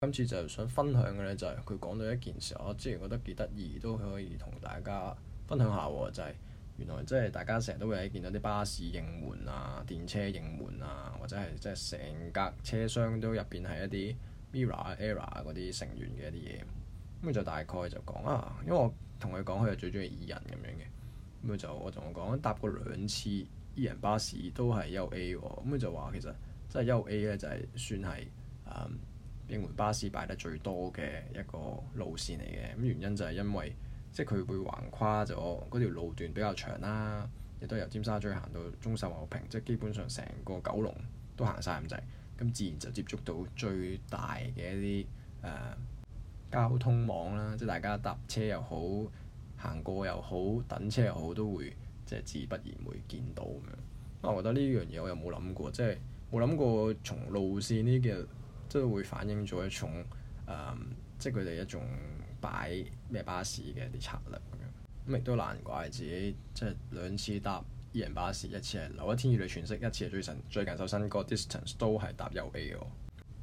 今次就想分享嘅咧，就係佢講到一件事，我之前覺得幾得意，都可以同大家分享下。就係、是、原來即係大家成日都會喺見到啲巴士應援啊、電車應援啊，或者係即係成架車廂都入邊係一啲 Mirror ERROR 嗰啲成員嘅一啲嘢。咁就大概就講啊，因為我同佢講，佢、啊、係最中意 E 人咁樣嘅。咁就我同我講搭過兩次異、e、人巴士都係 1A 咁，佢就話其實即係 1A 咧就係、就是、算係嗯。應援巴士擺得最多嘅一個路線嚟嘅，咁原因就係因為即係佢會橫跨咗嗰條路段比較長啦，亦都由尖沙咀行到中秀茂坪，即係基本上成個九龍都行晒咁滯，咁自然就接觸到最大嘅一啲、呃、交通網啦，即係大家搭車又好，行過又好，等車又好，都會即係自不然會見到咁樣、啊。我覺得呢樣嘢我又冇諗過，即係冇諗過從路線呢嘅。即係會反映咗一種誒、嗯，即係佢哋一種擺咩巴士嘅啲策略咁樣，咁亦都難怪自己即係兩次搭二人巴士，A B、A，一次係留一天與你喘息，一次係最近最近首新歌《Distance》都係搭 1A 嘅。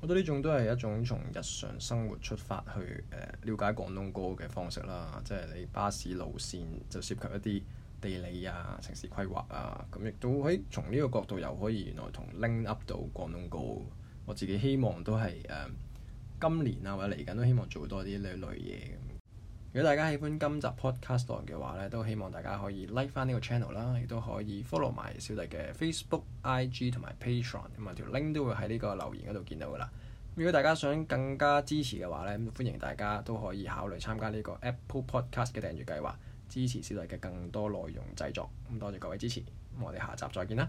我覺得呢種都係一種從日常生活出發去誒了解廣東歌嘅方式啦，即係你巴士路線就涉及一啲地理啊、城市規劃啊，咁亦都可以從呢個角度又可以原來同 link up 到廣東歌。我自己希望都係、呃、今年啊或者嚟緊都希望做多啲呢類嘢。如果大家喜歡今集 podcast 嘅話咧，都希望大家可以 like 返呢個 channel 啦，亦都可以 follow 埋小弟嘅 Facebook、IG 同埋 Patreon，咁啊條 link 都會喺呢個留言嗰度見到㗎喇。如果大家想更加支持嘅話咧，咁歡迎大家都可以考慮參加呢個 Apple Podcast 嘅訂閱計劃，支持小弟嘅更多內容製作。咁、嗯、多謝各位支持，咁我哋下集再見啦。